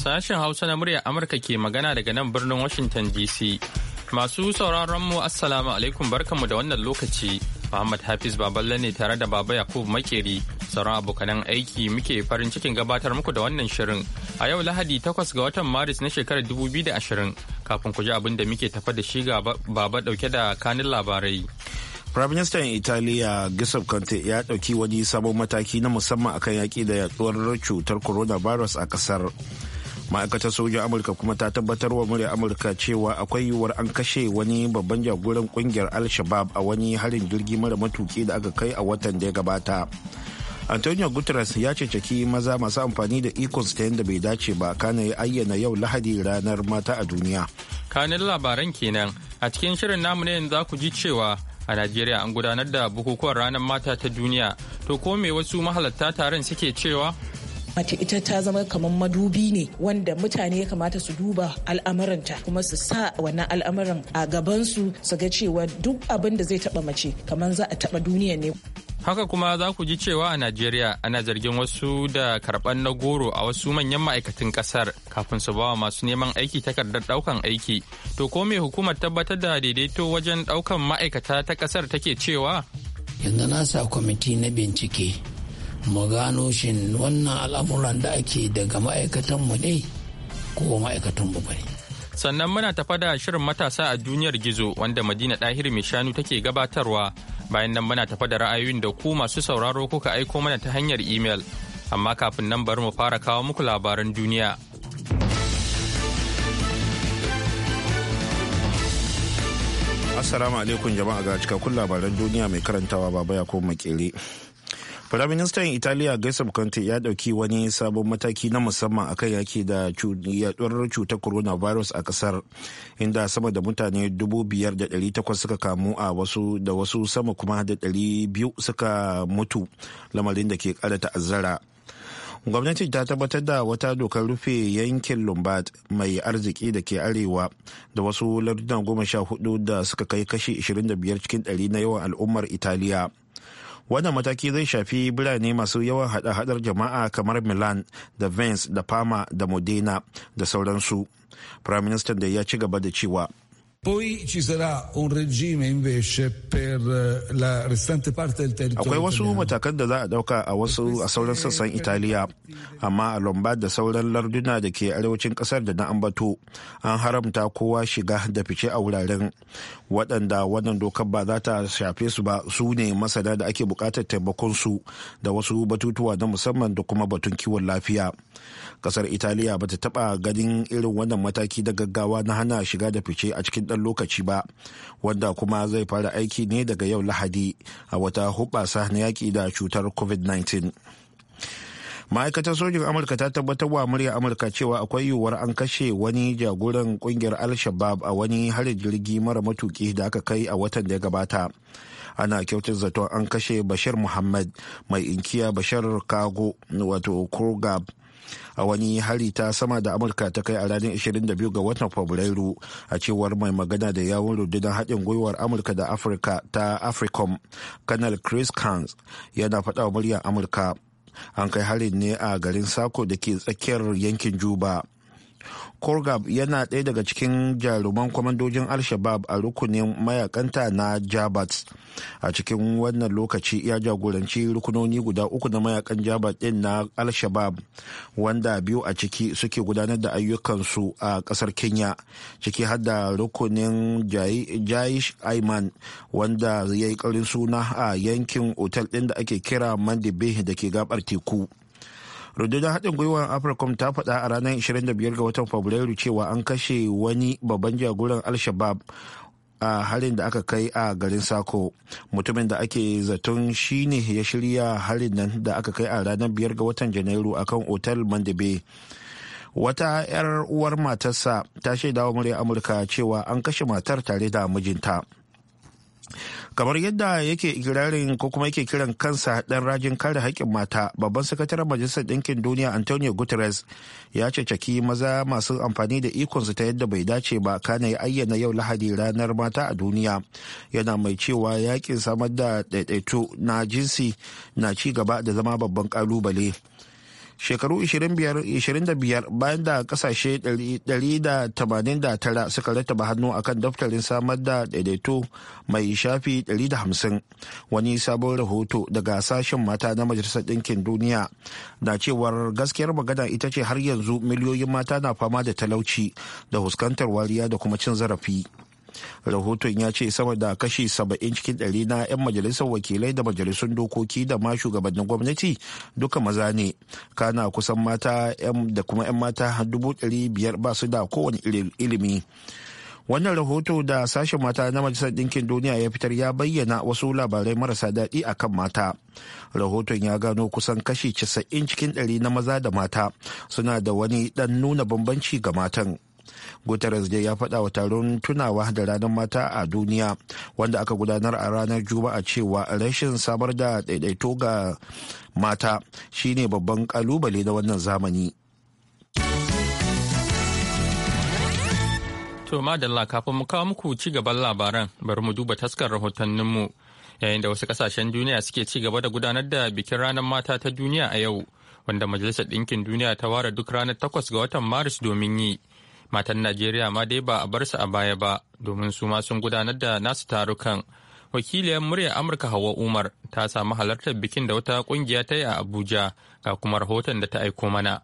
Sashen Hausa na murya Amurka ke magana daga nan birnin Washington DC. Masu sauraron mu Assalamu alaikum barkanmu da wannan lokaci. Muhammad Hafiz Baballe ne tare da Baba Yakub Makeri. Sauran abokanan aiki muke farin cikin gabatar muku da wannan shirin. A yau Lahadi takwas ga watan Maris na shekarar 2020 kafin ku ji abin da muke tafa da shi ga Baba dauke da kanin labarai. prime Minister Italiya Giuseppe Conte ya dauki wani sabon mataki na musamman akan yaki da yaduwar cutar coronavirus a ƙasar. ma'aikatar sojin amurka kuma ta tabbatar wa murya amurka cewa akwai yiwuwar an kashe wani babban jagoran kungiyar al-shabab a wani harin jirgi mara matuki da aka kai a watan da ya gabata antonio guterres ya cancaki maza masu amfani da ikon ta yadda bai dace ba kana ya ayyana yau lahadi ranar mata a duniya kanin labaran kenan a cikin shirin namu ne za ku ji cewa a najeriya an gudanar da bukukuwan ranar mata ta duniya to ko me wasu mahalarta taron suke cewa mace ita ta zama kamar madubi ne wanda mutane ya kamata su duba al'amuranta kuma su sa wannan al'amuran a gabansu su ga cewa duk abin da zai taba mace kamar za a taba duniya ne haka kuma za ku ji cewa a najeriya ana zargin wasu da karban na goro a wasu manyan ma'aikatan kasar kafin su bawa masu neman aiki takardar daukan aiki to ko me hukumar tabbatar da daidaito wajen daukan ma'aikata ta kasar take cewa yanzu na sa kwamiti na bincike mu gano shin wannan al'amuran da ake daga ma'aikatanmu ne ko ma'aikatanmu ba ne sannan muna tafa da shirin matasa a duniyar gizo wanda madina Dahir mai shanu take gabatarwa bayan nan muna tafa da ra'ayoyin da ku masu sauraro kuka aiko mana ta hanyar imel amma kafin nan bari mu fara kawo muku labaran duniya assalamu alaikum jama'a ga cikakkun labaran duniya mai karantawa baba yakubu makere Firaministan Italiya Gaisab Conte ya ɗauki wani sabon mataki na musamman a akan yaki da yaduwar cutar coronavirus a kasar inda sama da mutane 5,800 suka kamu a wasu da wasu sama kuma da 200 suka mutu lamarin da ke ƙara ta'azzara. gwamnati ta tabbatar da wata dokar rufe yankin lombard mai arziki da ke arewa da wasu larduna goma sha hudu da suka kai kashi 25 cikin 100 na yawan al'ummar italiya wannan mataki zai shafi birane masu yawan hada-hadar jama'a kamar milan da vance da fama da modena da sauransu prime minister da ya ci gaba da cewa Poi ci sarà un regime invece per eh, la restante parte del territorio. Akwai wasu matakan da za a dauka a wasu a sauran sassan Italiya, amma a Lombard da sauran larduna da ke arewacin kasar da na ambato an haramta kowa shiga da fice a wuraren waɗanda wannan dokar ba za ta shafe su ba su ne masana da ake buƙatar taimakon su da wasu batutuwa na musamman da kuma batun kiwon lafiya. Kasar Italiya bata ta taɓa ganin irin wannan mataki da gaggawa na hana shiga da fice a cikin dan lokaci ba wanda kuma zai fara aiki ne daga yau lahadi a wata hubasa na yaki da cutar covid-19 ma'aikatar sojin amurka ta tabbatar wa murya amurka cewa akwai yiwuwar an kashe wani jagoran kungiyar al-shabab a wani harin jirgi mara matuki da aka kai a watan da ya gabata ana kyautar zaton an kashe bashir muhammad mai inkiya bashir kago wato kurgab a wani hari ta sama da amurka ta kai a ranar 22 ga watan fabrairu a cewar mai magana da yawon rundunar haɗin gwiwar amurka da afirka ta africom kanal chris kans yana faɗa wa muryar amurka an kai harin ne a garin sako da ke tsakiyar yankin juba Korgab yana ɗaya daga cikin jaruman kwamandojin Al-Shabab a rukunin mayakanta na Jabat. A cikin wannan lokaci ya jagoranci rukunoni guda uku na mayakan Jabat ɗin na Al-Shabab wanda biyu a ciki suke gudanar da ayyukansu a ƙasar Kenya ciki har da rukunin Jaish Aiman wanda ya yi ƙarin suna a yankin otal ɗin da ake kira mandibe da ke gabar teku. rundunar haɗin gwiwar afirkom ta faɗa a ranar 25 ga watan fabrairu cewa an kashe wani babban jagoran al-shabab a harin da aka kai a garin sako mutumin da ake zaton shine ya shirya harin nan da aka kai a ranar 5 ga watan janairu akan otal mandebe wata 'yar uwar matarsa ta shaida wa murya amurka cewa an kashe matar tare da mijinta. kamar yadda yake ikirarin ko kuma yake kiran kansa dan rajin kare haƙƙin mata babban sakataren majalisar ɗinkin duniya antonio guterres ya cecaki maza masu amfani da ikonsu ta yadda bai dace ba kana ya ayyana yau lahadi ranar mata a duniya yana mai cewa yakin samar da ɗaiɗaito na jinsi na ci gaba da zama babban ƙalubale shekaru 25 bayan da kasashe 189 suka rattaba hannu akan daftarin samar da daidaito mai shafi 150 wani sabon rahoto daga sashen mata na majalisar ɗinkin duniya na cewar gaskiyar magana ita ce har yanzu miliyoyin mata na fama da talauci da fuskantar wariya da kuma cin zarafi. rahoton ya ce sama da kashi 70 cikin ɗari na 'yan majalisar wakilai da majalisun dokoki da ma shugabannin gwamnati duka maza ne kana kusan mata da kuma 'yan mata biyar ba su da kowane ilimi wannan rahoto da sashen mata na majalisar ɗinkin duniya ya fitar ya bayyana wasu labarai marasa daɗi a kan mata rahoton ya gano kusan kashi 90 cikin ɗari na maza da mata suna da wani ɗan nuna bambanci ga matan guterres dai ya faɗa wa taron tunawa da ranar mata a duniya wanda aka gudanar a ranar juma'a cewa rashin samar da daidaito ga mata shine babban kalubale na wannan zamani To madalla kafin mu kawo muku ci gaban labaran bari mu duba taskar rahotanninmu yayin da wasu kasashen duniya suke ci gaba da gudanar da bikin ranar mata ta duniya a yau wanda majalisar ɗinkin duniya ta ware duk ranar takwas ga watan maris domin yi matan najeriya ma dai ba a bar su a baya ba domin su ma sun gudanar da nasu tarukan wakiliyar murya amurka hawa umar ta samu halartar bikin da wata kungiya ta yi a abuja ga kuma rahoton da ta aiko mana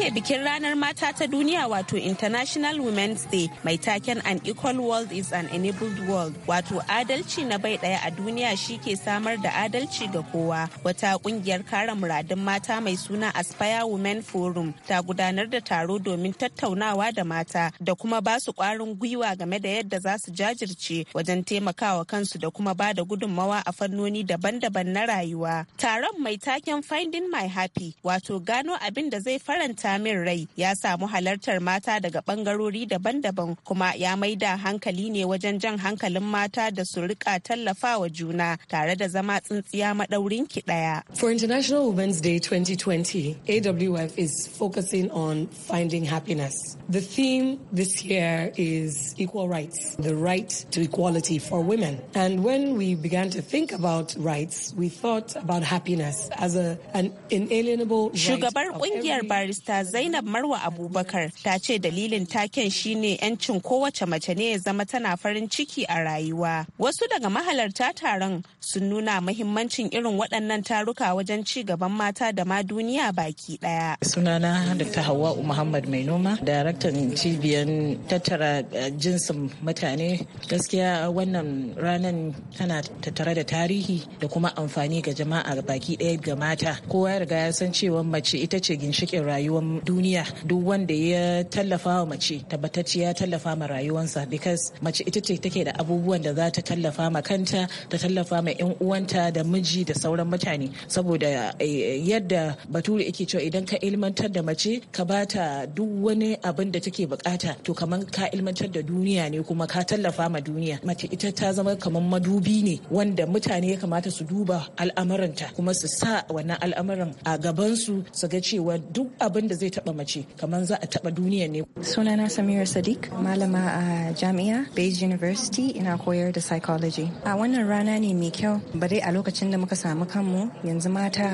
ke bikin ranar mata ta duniya wato International Women's Day mai taken An Equal World is an Enabled World wato adalci na bai daya a duniya shi ke samar da adalci ga kowa. Wata kungiyar kare muradun mata mai suna Aspire Women Forum ta gudanar da taro domin tattaunawa da mata da kuma ba su kwarin gwiwa game da yadda za su jajirce wajen taimakawa kansu da kuma ba da gudunmawa a fannoni daban-daban na rayuwa. Taron mai taken Finding My Happy wato gano abin da zai faranta faranta rai ya samu halartar mata daga bangarori daban-daban kuma ya maida hankali ne wajen jan hankalin mata da su rika tallafawa juna tare da zama tsintsiya maɗaurin ki ɗaya. For International Women's Day 2020, AWF is focusing on finding happiness. The theme this year is equal rights, the right to equality for women. And when we began to think about rights, we thought about happiness as a, an inalienable right. Shugabar ƙungiyar barista Zainab Marwa Abubakar ta ce dalilin taken shine 'yancin kowace mace ne ya zama tana farin ciki a rayuwa. Wasu daga mahalarta taron sun nuna mahimmancin irin waɗannan taruka wajen ci gaban mata da ma duniya baki ɗaya. Sunana da ta Hawwa'u Muhammad Mai Noma, daraktan cibiyar tattara eh, jinsin mutane. Gaskiya wannan ranar tana tattare da tarihi da kuma amfani ga jama'a baki ɗaya ga mata. Kowa ya riga ya san cewa mace ita ce ginshiƙin rayuwa ciwon duniya duk wanda ya tallafa wa mace tabbatacce ya tallafa ma rayuwansa because mace ita ce take da abubuwan da za ta tallafa ma kanta ta tallafa ma yan uwanta da miji da sauran mutane saboda eh, eh, yadda bature yake cewa idan ka ilmantar da mace ka bata duk wani abin da take bukata to kamar ka ilmantar da duniya ne kuma ka tallafa ma duniya mace ita ta zama kamar madubi ne wanda mutane ya kamata su duba al'amuranta kuma su sa wannan al'amuran a gabansu su ga cewa duk abin wanda zai taba mace kamar za a taba duniya ne sunana samira sadiq malama a jami'a beige university ina koyar da psychology a wannan rana ne mai kyau ba dai a lokacin da muka samu kanmu yanzu mata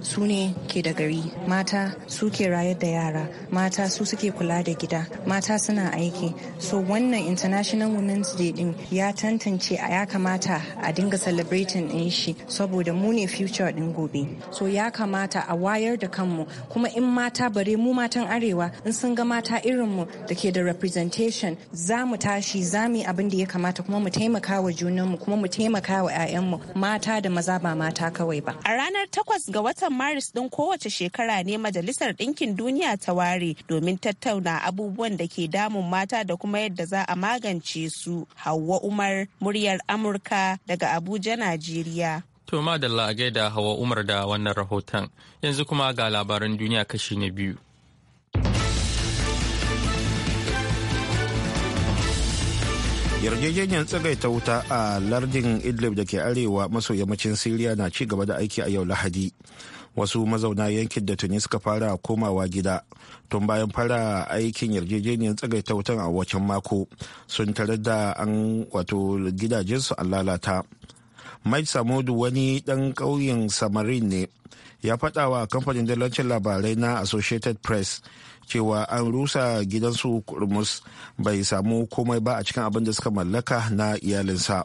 su ne ke da gari mata su ke rayar da yara mata su suke kula da gida mata suna aiki so wannan international women's day din ya tantance a ya kamata a dinga celebrating din shi saboda mu ne future din gobe so ya kamata a wayar da kanmu kuma in mata bare mu matan arewa in sun ga mata irin mu da ke da representation za mu tashi za mu yi abin da ya kamata kuma mu taimaka wa junanmu kuma mu taimaka wa 'ya'yanmu mata da maza ba mata kawai ba. A ranar takwas ga watan Maris din kowace shekara ne Majalisar Ɗinkin Duniya ta ware domin tattauna abubuwan da ke damun mata da kuma yadda za a magance su. Hauwa Umar, muryar Amurka daga Abuja, Najeriya. To madalla a gaida hawa Umar da wannan rahoton yanzu kuma ga labaran duniya kashi na biyu. yarjejeniyar tsagaita wuta a lardin idlib da ke arewa maso yammacin siriya na ci gaba da aiki a yau lahadi wasu mazauna yankin da tuni suka fara komawa gida tun bayan fara aikin yarjejeniyar tsagaita wutan a waccan mako sun tare da an wato gidajensu a lalata mike samodu wani ɗan ƙauyen samarin ne ya faɗa wa kamfanin dalancin labarai na associated press cewa an rusa gidansu kurmus bai samu komai ba a cikin abin da suka mallaka na iyalinsa ah,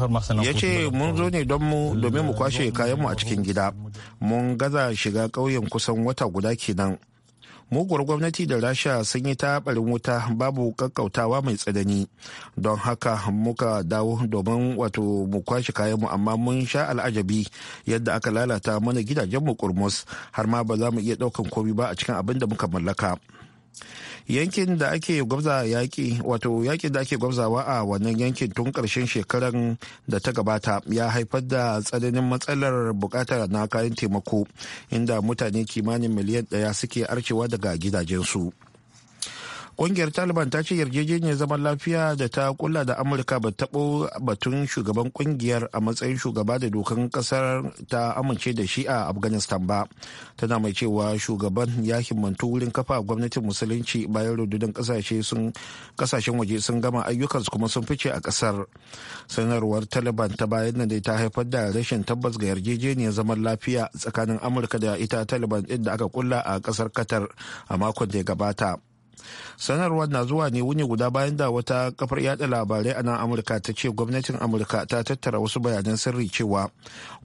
ah, ya ce mun zo ne don mu domin mu kwashe kayanmu a cikin gida mun gaza shiga ƙauyen kusan wata guda kenan muguwar gwamnati da rasha sun yi taɓarin wuta babu kakkautawa mai tsanani don haka muka dawo domin wato mu kwashe kayanmu amma mun sha al'ajabi yadda aka lalata mana gidajenmu kurmus har ma ba za mu iya daukan komi ba a cikin abin da muka mallaka yankin da ake gwabza yaƙi wato yaƙin da ake gwabzawa a wannan yankin tun ƙarshen shekaran da ta gabata ya haifar da tsananin matsalar buƙatar na kayan taimako inda mutane kimanin miliyan ɗaya suke arcewa daga gidajensu Ƙungiyar Taliban ta ce yarjejeniyar zaman lafiya da ta kulla da Amurka ba taɓo batun shugaban ƙungiyar a matsayin shugaba da dokan kasar ta amince da shi a Afghanistan ba. Tana mai cewa shugaban ya himmantu wurin kafa gwamnatin musulunci bayan rundunar kasashen waje sun gama ayyukansu kuma sun fice a kasar Sanarwar Taliban ta bayan da ta haifar da rashin tabbas ga yarjejeniyar zaman lafiya tsakanin Amurka da ita Taliban din da aka kulla a ƙasar Qatar a makon da ya gabata. sanarwar na zuwa ne wuni guda bayan da wata kafar yada labarai a nan amurka ta ce gwamnatin amurka ta tattara wasu bayanan sirri cewa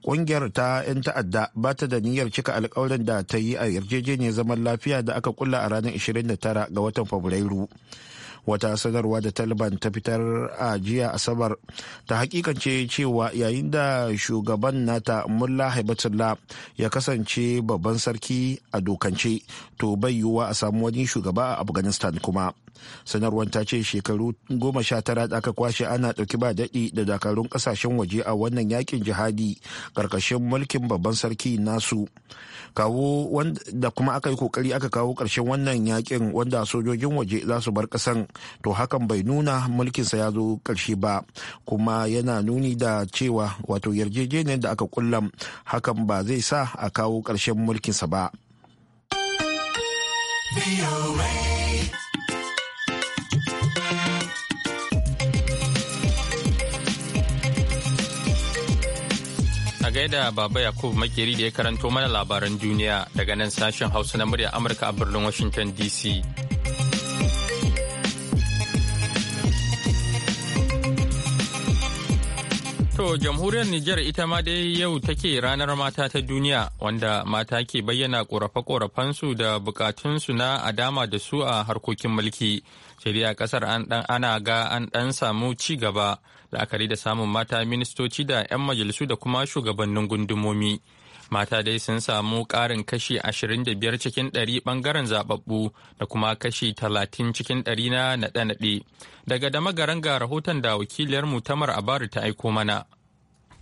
kungiyar ta 'yan ta'adda ba ta da niyyar cika alkawarin da ta yi a yarjejeniyar zaman lafiya da aka kulla a ranar 29 ga watan fabrairu wata sanarwa da taliban ta fitar a jiya asabar ta hakikance cewa yayin da shugaban nata mullah haibatullah ya kasance babban sarki a dokance to bai yiwuwa a samu wani shugaba a afghanistan kuma sanarwar ta ce shekaru goma sha tara da aka kwashe ana dauki ba daɗi da dakarun ƙasashen waje a wannan yakin jihadi ƙarƙashin mulkin babban sarki nasu kawo da kuma aka yi kokari aka kawo ƙarshen wannan yakin wanda sojojin waje za su bar ƙasan to hakan bai nuna mulkinsa ya zo ƙarshe ba kuma yana nuni da cewa wato yarjejeniyar da aka kulla hakan ba zai sa a kawo ƙarshen mulkinsa ba. A gaida Baba Yakubu Makeri da ya karanto mana labaran duniya daga nan sashen Hausa na murya Amurka a birnin Washington DC. To jamhuriyar Nijar ita ma dai yau take ranar mata ta duniya wanda mata ke bayyana korafe-korafensu da bukatunsu na adama da su a harkokin mulki. Shari'a kasar ana ga an ɗan samu ci gaba la'akari da samun mata ministoci da 'yan majalisu da kuma shugabannin gundumomi. mata dai sun samu ƙarin kashi 25 cikin 100 bangaren zaɓaɓɓu da kuma kashi 30 cikin 100 na naɗe-naɗe. Daga dama garan ga rahoton da wakiliyarmu Tamar Abaru ta aiko mana.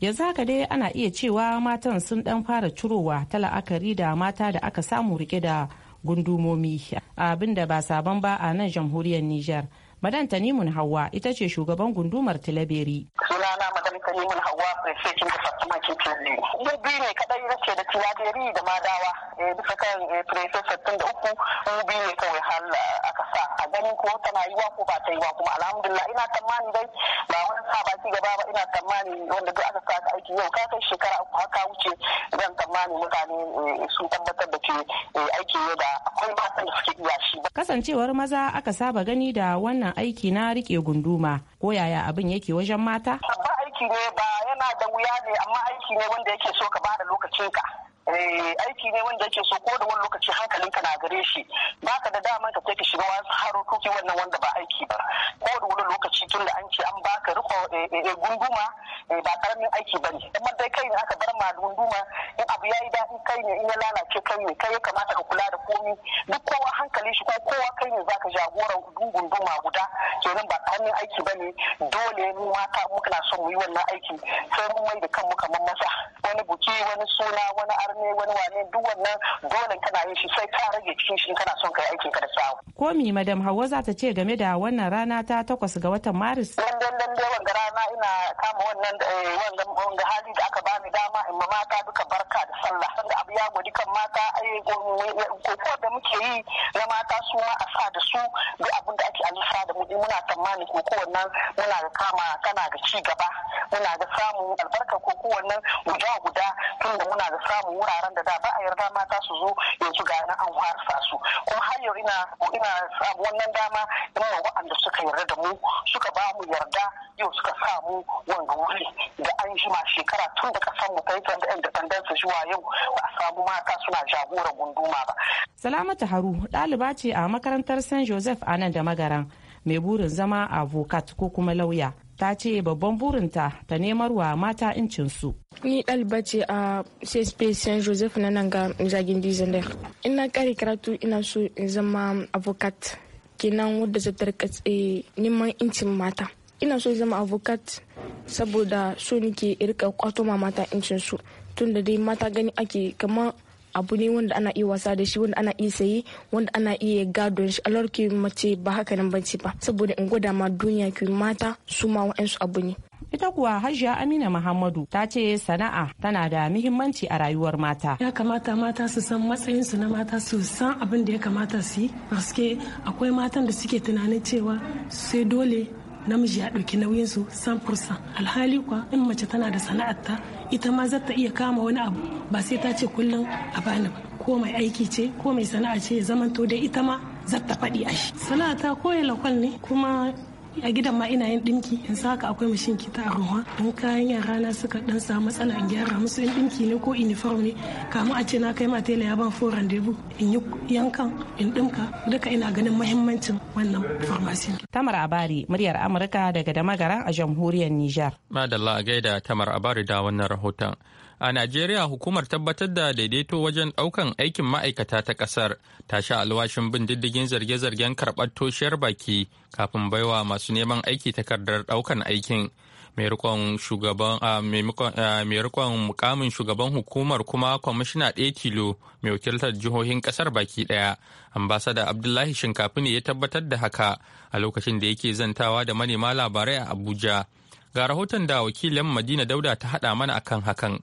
yanzu haka dai ana iya cewa matan sun dan fara cirowa ta la'akari da mata da aka samu riƙe da gundumomi abin da ba sabon ba a nan jamhuriyar nijar madan tanimun hawa ita ce shugaban gundumar tilaberi sunana Karimun Hauwa Prefectin Department Kintilli. Mu biyu ne kadai na ce da Tiladeri da Madawa eh, bisa kan eh, da uku mu bi ne kawai hal aka sa a ganin ko tana yi wa ko ba ta yi wa kuma alhamdulillah ina tsammani dai ba wani sa ci gaba ba ina tsammani wanda duk aka saka aiki yau ka kai shekara uku haka wuce zan tsammani mutane eh, sun tabbatar da ke aiki yau da akwai matan da suke iya shi. Kasancewar maza aka saba gani da wannan aiki na rike gunduma ko yaya abin yake wajen mata? aiki ne ba yana da wuya ne amma aiki ne wanda yake so ka bada lokacin ka Eh, aiki ne wanda yake so ko da wani lokaci ka na gare shi ba ka da dama ka ka shiga wasu harokoki wannan wanda ba aiki ba ko da wani lokaci tun da an ce an baka riko eh, eh, gunduma ba karamin aiki ba ne amma dai kai ne aka bar ma gunduma in abu ya yi daɗi kai ne in ya lalace kai ne kai ya kamata ka kula da komi duk kowa hankali shi ko kowa kai ne zaka jagoran gunduma guda kenan ba karamin aiki ba ne dole mu mata muka na son mu yi wannan aiki sai mu mai da kanmu kamar maza wani buki wani suna wani arni ne wani wane duk wannan dole kana yin shi sai ka rage cikin shi kana son kai aikin ka da sawu ko mi madam Hauwa za ta ce game da wannan rana ta takwas ga watan Maris dan dan dai rana ina kama wannan eh, wannan hali da aka bani dama in mata duka barka da sallah sanda abu ya godi kan mata ko da muke yi na mata su ma a sa da su duk abin da ake alifa da mu muna tsammani ko wannan muna kama kana da ci gaba muna ga samun albarka ko kowanne guda guda tun da muna ga samun wuraren da da ba a yarda mata su zo yanzu ga na an harsa su kuma har yau ina ina samu wannan dama ina wa'anda suka yarda da mu suka ba mu yarda yau suka samu wanga wuri da an jima shekara tun da kasan mu kai da independence zuwa yau ba a samu mata suna jagoran gunduma ba salamatu haru ɗaliba ce a makarantar saint joseph a nan da magaran mai burin zama avocat ko kuma lauya ta ce babban burinta ta nemar wa mata incinsu. Ni ɗaliba ce a CSP Saint Joseph na nan ga zagin dizendar. Ina kare karatu ina so in zama avocat kenan wadda zata rika eh, neman incin mata. Ina so zama avocat saboda so nike rika kwato mata incin su tunda dai mata gani ake kamar abu ne wanda ana iya wasa da shi wanda ana iya saye wanda ana iya gadon shi alar mace ba haka nan bace ba saboda in gwada ma duniya ki mata su ma wa'ansu abu ne ita kuwa hajiya amina muhammadu ta ce sana'a tana da muhimmanci a rayuwar mata ya kamata mata su san matsayinsu na mata su san abin da ya kamata su yi akwai matan da suke tunanin cewa sai dole namiji ya ɗauki nauyinsu su fursa alhali kuwa in mace tana da sana'arta ita ma za iya kama wani abu ba sai ta ce kullum a bani ba ko mai aiki ce ko mai sana'a ce ya zamanto dai ita ma zata faɗi a shi sana'a ta ya lakwal ne kuma a gidan ma ina yin dinki sa haka akwai mashin kita a ruwa in kayan yara na suka dan samu matsala in gyara musu in dinki ne ko uniform ne kamu a ce na kai ma tela ya ban fo rendezvous in yi yankan in dinka duka ina ganin mahimmancin wannan farmasi. Tamar Abari muryar Amurka daga Damagara a jamhuriyar Nijar. Madalla a gaida Tamar Abari da wannan rahoton. A Najeriya hukumar tabbatar da daidaito wajen daukan aikin ma'aikata ta kasar ta sha alwashin bin diddigin zarge-zargen karɓar toshiyar baki kafin baiwa masu neman aiki takardar daukan aikin. mai rikon mukamin shugaban hukumar kuma kwamishina ɗaya tilo mai wakiltar jihohin ƙasar baki ɗaya. Ambasada Abdullahi Shinkafi ne ya tabbatar da haka a lokacin da yake zantawa da manema labarai a Abuja. Ga rahoton da wakilin Madina Dauda ta haɗa mana akan hakan.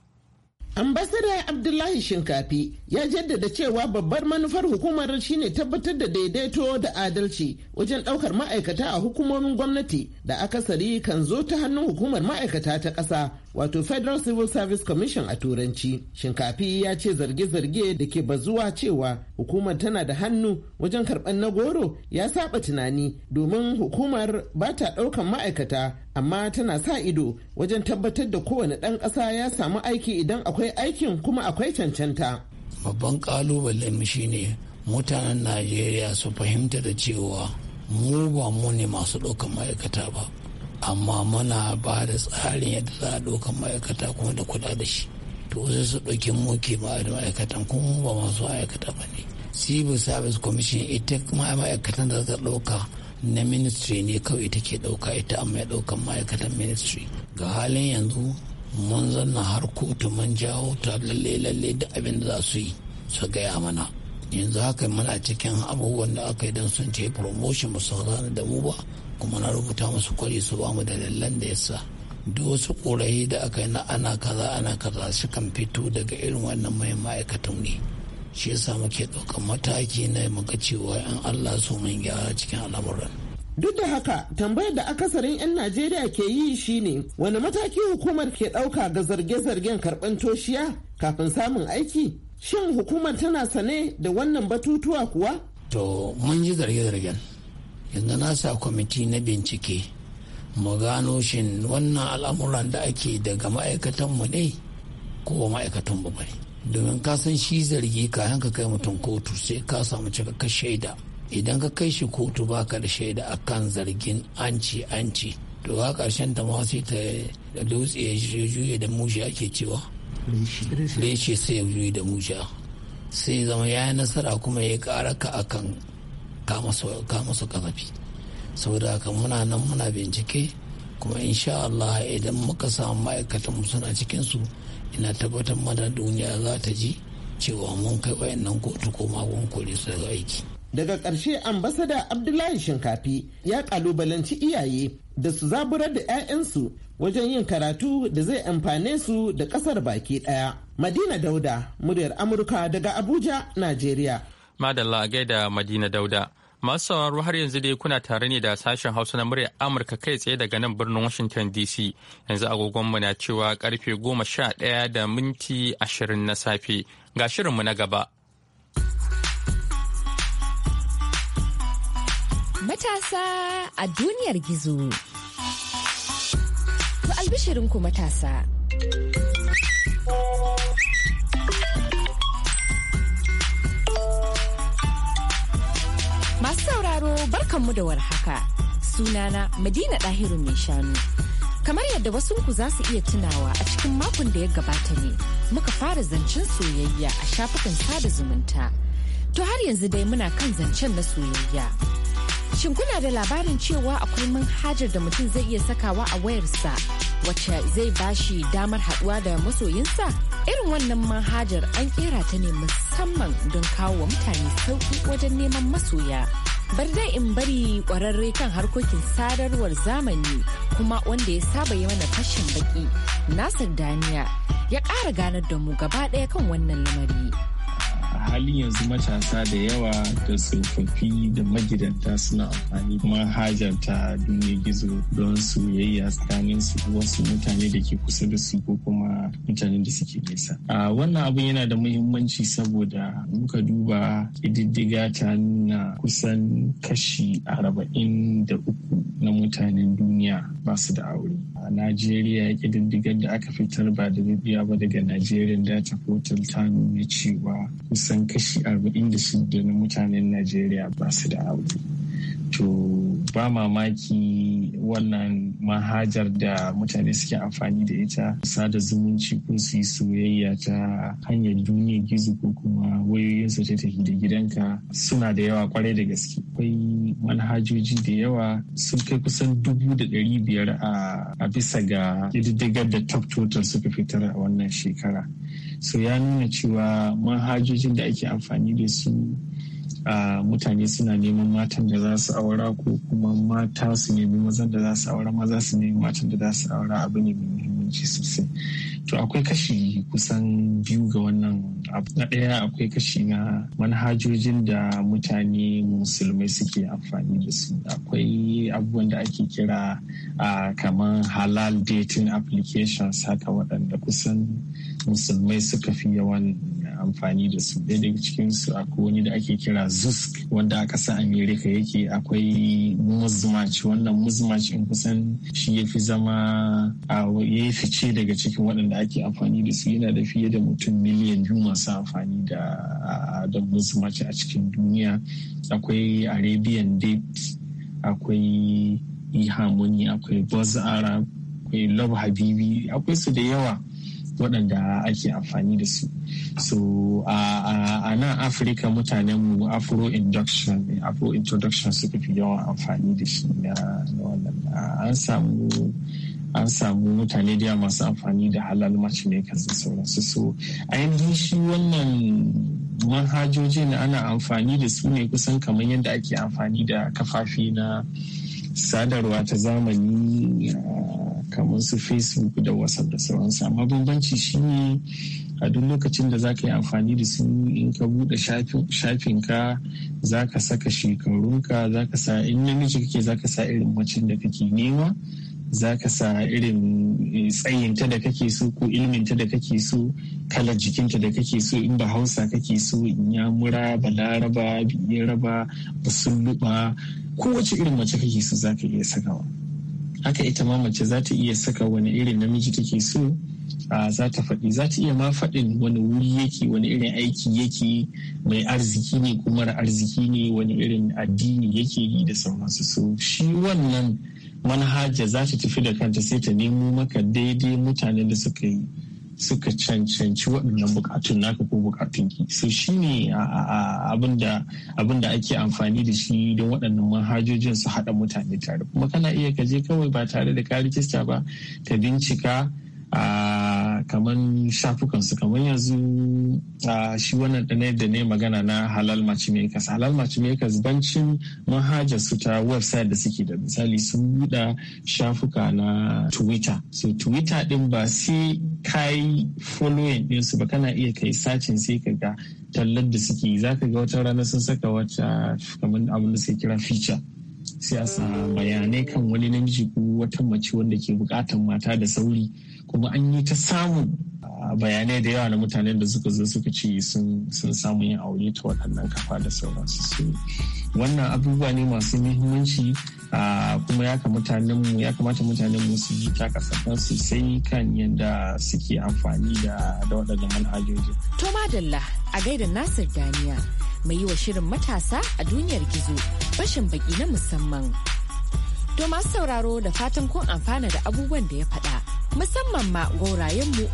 ambasada abdullahi shinkafi ya jaddada cewa babbar manufar hukumar shine tabbatar da daidaito da adalci wajen daukar ma'aikata a hukumomin gwamnati da akasari kan zo ta hannun hukumar ma'aikata ta ƙasa wato Federal Civil Service Commission a turanci. Shinkafi ya ce zarge-zarge da ke bazuwa cewa hukumar tana da hannu wajen karɓar na goro ya saba tunani domin hukumar ba ta ɗaukan ma'aikata amma tana sa ido wajen tabbatar da kowane ɗan ƙasa ya samu aiki idan akwai aikin kuma akwai cancanta. Babban mu shine mutanen Najeriya su fahimta da cewa mu ba mu ne masu ɗaukan ma'aikata ba. amma muna ba da tsarin yadda za a ɗaukan ma'aikata kuma da kula da shi to sai su ɗauki muke ba ma'aikatan kuma ba masu ma'aikata ba ne civil service commission ita ma'aikatan da za ɗauka na ministry ne kawai ita ke ɗauka ita amma ya ɗaukan ma'aikatan ministry ga halin yanzu mun zanna har kotu mun jawo ta lalle lalle da abin da za su yi su gaya mana yanzu haka muna cikin abubuwan da aka yi don sun ce promotion ba su da mu ba kuma na rubuta musu kwari su ba mu dalilan da yasa duk wasu korayi da aka yi na ana kaza ana kaza su kan fito daga irin wannan mai ma'aikatan ne shi yasa muke ɗaukar mataki na muka cewa in Allah su mun gyara cikin al'amuran Duk da haka tambayar da akasarin 'yan Najeriya ke yi shine wani mataki hukumar ke ɗauka ga zarge-zargen karɓar toshiya kafin samun aiki? Shin hukumar tana sane da wannan batutuwa kuwa? To mun yi zarge-zargen. yanzu na sa kwamiti na bincike mu gano shin wannan al'amuran da ake daga ma'aikatanmu ne ko ma'aikatan mu bane domin ka san shi zargi kayan ka kai mutum kotu sai ka samu cikakken shaida idan ka kai shi kotu baka da shaida akan zargin an ce an ce to ha karshen ta ma sai ta dutse ya juye da mushi ake cewa reshe sai ya juye da mushi sai zama ya yi nasara kuma ya ƙara ka akan ka masu kazafi saboda haka muna nan muna bincike kuma insha Allah idan muka samu ma'aikatan suna cikinsu ina tabbatar mana duniya za ta ji cewa mun kai wayannan kotu ko magon kore su daga aiki. Daga ƙarshe ambasada Abdullahi Shinkafi ya kalubalanci iyaye da su zaburar da 'ya'yansu wajen yin karatu da zai amfane su da ƙasar baki ɗaya. Madina Dauda, muryar Amurka daga Abuja, Najeriya. Madalla a gaida Madina Dauda. Masu sauraro har yanzu dai kuna tare ne da sashen Hausa na muryar Amurka kai tsaye daga nan birnin Washington DC. Yanzu agogonmu na cewa karfe goma sha ɗaya da minti ashirin na safe. Ga shirinmu na gaba. Matasa a duniyar gizo. Ku albishirinku matasa. sauraro barkanmu da warhaka. Sunana Madina Dahiru mai shanu. Kamar yadda wasu ku za su iya tunawa a cikin makon da ya gabata ne muka fara zancen soyayya a shafukan sada zumunta. To har yanzu dai muna kan zancen na soyayya. Shin kuna da labarin cewa akwai manhajar da mutum zai iya sakawa a wayarsa wacce zai bashi damar haɗuwa da masoyinsa? Irin wannan manhajar an kera ta ne musamman don kawo wa mutane sauƙi wajen neman masoya. bar dai in bari kwararre kan harkokin sadarwar zamani kuma wanda ya saba yi mana fashin baki nasir daniya ya ƙara ganar da mu gaba ɗaya kan wannan lamari a halin yanzu matasa da yawa da tsofaffi da magidanta suna amfani manhajar ta duniya gizo don soyayya tsakanin su wasu mutane da ke kusa da su ko kuma mutanen da suke nesa a wannan abin yana da muhimmanci saboda muka duba ƙididdiga ta nuna kusan kashi arba'in da uku na mutanen duniya ba su da aure a najeriya ya ƙididdigar da aka fitar ba da bibiya ba daga najeriya data portal ta nuna cewa kusan kusan kashi 46 na mutanen najeriya ba su da aure to ba mamaki wannan manhajar da mutane suke amfani da ita sada zumunci ko su yi soyayya ta hanyar duniya gizo ko kuma wayoyin su ta tafi da gidanka suna da yawa kwarai da gaske akwai manhajoji da yawa sun kai kusan dubu da ɗari biyar a bisa ga ƙididdigar da top total suka fitar a wannan shekara so ya nuna cewa manhajojin da ake amfani da su mutane suna neman matan da za su aura ko kuma mata su nemi mazan da za su aura maza su nemi matan da za su aura abu ne mai muhimmanci sosai to akwai kashi kusan biyu ga wannan na ɗaya akwai kashi na manhajojin da mutane musulmai suke amfani da su akwai abubuwan da ake kira kamar halal dating applications haka waɗanda kusan musulmai suka fi yawan amfani da su ɗaya daga cikin su akwai wani da ake kira zusk wanda a ƙasar amerika yake akwai muzmach wannan muzmach in kusan shi ya fi zama a ya fice daga cikin waɗanda ake amfani da su yana da fiye da mutum miliyan biyu masu amfani da da muzmach a cikin duniya akwai arabian date akwai e akwai buzz arab akwai love habibi akwai su da yawa waɗanda ake amfani da su so a nan afirka mutanen mu afro induction afro introduction suka fi yawan amfani da shi na wannan an samu an samu mutane da masu amfani da halal matchmakers da sauransu so yanzu shi wannan manhajojin ana amfani da su ne kusan kamar yadda ake amfani da kafafi na sadarwa ta zamani kamar su facebook da whatsapp da sauransu amma bambanci shine a duk lokacin da za ka yi amfani da su in ka buɗe shafin za ka saka shekarunka za ka sa in namiji kake za ka sa irin macin da kake nema za ka sa irin eh, tsayinta da kake so ko ilminta da kake so kalar jikinta da kake so in ba hausa kake so in ya balaraba biyaraba basulluba kowace irin mace kake so za ka iya sakawa haka ita ma mace za ta iya saka wani irin namiji take so za ta faɗi za ta iya ma faɗin wani wuri yake wani irin aiki yake mai arziki ne kuma mara arziki ne wani irin addini yake yi da sauransu so shi wannan manhaja za ta tafi da kanta sai ta nemo maka daidai mutanen da suka yi suka cancanci waɗannan bukatun naka ko bukatun ki so shine abin da ake amfani da shi don waɗannan manhajojin su haɗa mutane tare kuma kana iya ka je kawai ba tare da ka rijista ba ka bincika a kamar su kamar yanzu a shi wannan da da ne magana na halal matchmakers halal matchmakers bancin manhajar su ta website da suke da misali sun buɗe shafuka na twitter so twitter ɗin ba sai kai following su ba kana iya kai sacin sai ka ga tallar da suke za ka ga wata rana sun saka wata kamar abin da suke kira feature siyasa bayanai kan wani namiji ko wata mace wanda ke bukatan mata da sauri kuma an yi ta samu. bayanai da yawa na mutanen da suka zo suka ce sun samu yin aure ta waɗannan kafa da sauransu wannan abubuwa ne masu muhimmanci kuma ya kamata mutanen mu su ji su sosai kan yadda suke amfani da waɗannan manhajoji. To Madalla a gaida Nasir Daniya mai yi wa shirin matasa a duniyar gizo bashin baki na musamman. To masu sauraro da fatan kun amfana da abubuwan da ya faɗa musamman ma mu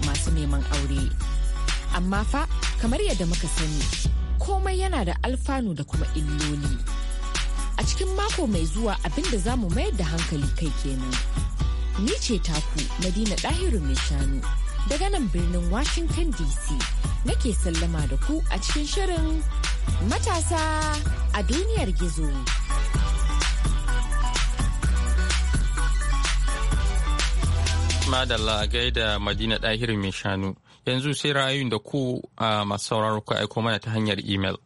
masu neman aure. Amma fa kamar yadda muka sani komai yana da alfanu da kuma illoli. A cikin mako mai zuwa abin da za mu mayar da hankali kai kenan. Ni ce taku Madina Ɗahiru mai shanu. daga nan birnin Washington DC nake sallama da ku a cikin shirin matasa a duniyar gizo. Madalla gaida Madina Ɗahir mai shanu yanzu sai ra'ayoyin da ku a masu sauraro ku aiko mana ta hanyar imel.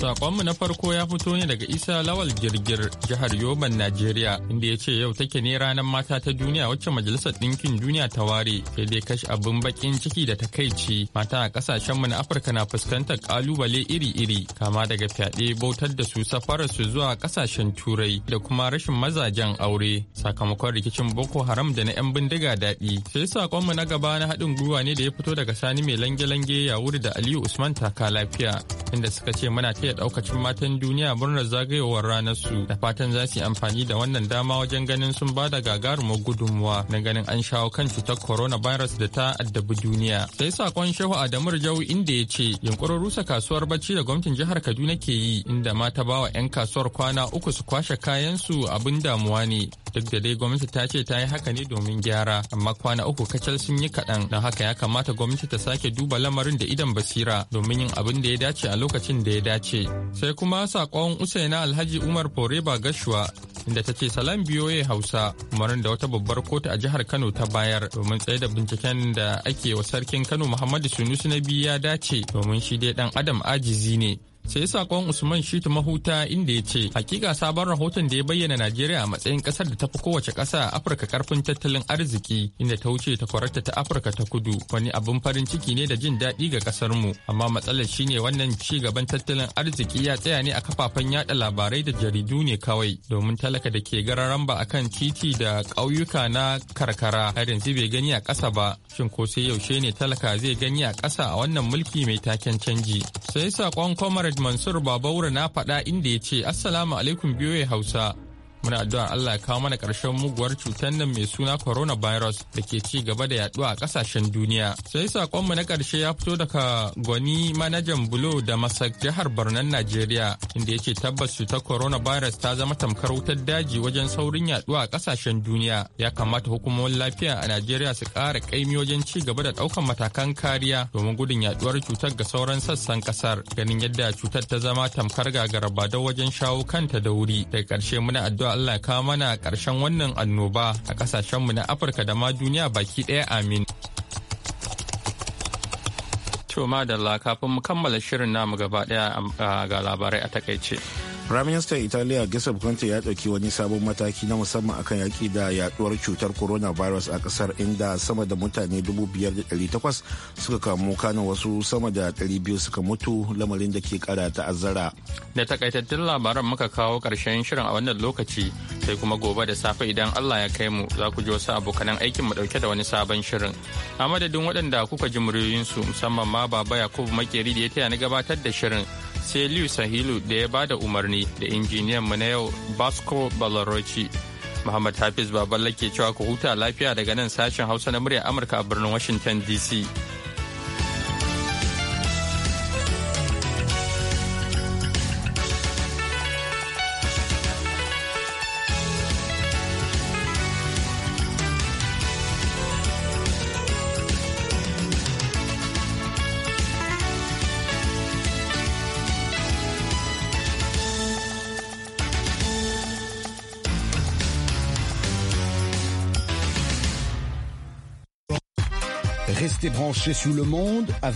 Sakonmu na farko ya fito ne daga Isa Lawal Girgir, jihar Yoban, Najeriya, inda ya ce yau take ne ranar mata ta duniya wacce Majalisar Ɗinkin Duniya ta ware, sai dai kashe abin bakin ciki da takaici. Mata a ƙasashenmu na Afirka na fuskantar ƙalubale iri-iri, kama daga fyaɗe bautar da su safarar su zuwa ƙasashen Turai da kuma rashin mazajen aure. Sakamakon rikicin Boko Haram da na 'yan bindiga daɗi. Sai sakonmu na gaba na haɗin gwiwa ne da ya fito daga Sani mai lange-lange ya wuri da Aliyu Usman taka lafiya, inda suka ce muna lafiya daukacin matan duniya murnar zagayowar ranar su da fatan za su yi amfani da wannan dama wajen ganin sun ba da gagarumar gudunmuwa na ganin an shawo kan cutar corona virus da ta addabi duniya. Sai sakon Shehu Adamu Rajau inda ya ce yunkurin rusa kasuwar bacci da gwamnatin jihar Kaduna ke yi inda mata bawa 'yan kasuwar kwana uku su kwashe kayan su abin damuwa ne duk da dai gwamnati ta ce ta yi haka ne domin gyara amma kwana uku kacal sun yi kaɗan don haka ya kamata gwamnati ta sake duba lamarin da idan basira domin yin abin da ya dace a lokacin da ya dace sai kuma sakon usaina alhaji umar foreba gashuwa inda ta ce salam biyoye hausa umarin da wata babbar kotu a jihar kano ta bayar domin tsaye da binciken da ake wa sarkin kano muhammadu sunusu na biyu ya dace domin shi dai dan adam ajizi ne sai sakon usman shitu mahuta inda ya ce hakika sabon rahoton da ya bayyana najeriya a matsayin kasar da ta fi kowace kasa a afirka karfin tattalin arziki inda ta wuce ta kwararta ta afirka ta kudu wani abin farin ciki ne da jin daɗi ga kasar mu amma matsalar shine wannan ci gaban tattalin arziki ya tsaya ne a kafafen yada labarai da jaridu ne kawai domin talaka da ke gararan ba kan titi da ƙauyuka na karkara har yanzu bai gani a ƙasa ba shin ko sai yaushe ne talaka zai gani a ƙasa a wannan mulki mai taken canji sai sakon kwamar Mansur Babaura na faɗa inda ya ce Assalamu alaikum ya Hausa muna addu'a Allah ya kawo mana ƙarshen muguwar cutar nan mai suna coronavirus da ke ci gaba da yaduwa a ƙasashen duniya. Sai saƙonmu na ƙarshe ya fito daga gwani manajan bulo da masak jihar Barnan Najeriya inda ya tabbas cutar coronavirus ta zama tamkar wutar daji wajen saurin yaduwa a ƙasashen duniya. Ya kamata hukumomin lafiya a Najeriya su ƙara ƙaimi wajen ci gaba da ɗaukan matakan kariya domin gudun yaduwar cutar ga sauran sassan ƙasar ganin yadda cutar ta zama tamkar gagara ba da wajen shawo kanta da wuri. da ƙarshe muna addu'a Allah ka mana ƙarshen wannan annoba a ƙasashenmu na Afirka da ma duniya baki ɗaya amin. To madalla kafin mu kammala shirin namu gaba ɗaya ah, ga labarai a takaice. Firaministan Italiya gisab Conte ya ɗauki wani sabon mataki na musamman akan yaƙi da yaɗuwar cutar coronavirus a ƙasar inda sama da mutane 5,800 suka kamu kanin wasu sama da 200 suka mutu lamarin da ke ƙara ta'azzara. Da takaitattun labaran muka kawo ƙarshen shirin a wannan lokaci sai kuma gobe da safe idan Allah ya kai mu za ku ji wasu abokanan aikin mu ɗauke da wani sabon shirin. A madadin waɗanda kuka ji muryoyinsu musamman ma Baba Yakubu Makeri da ya taya ni gabatar da shirin sai liu sahilu da ya bada umarni da injiniyan mu na yau basco balaroci muhammad hafiz baballa ke cewa ku huta lafiya daga nan sashen hausa na murya amurka a birnin washington dc sur le monde. Avec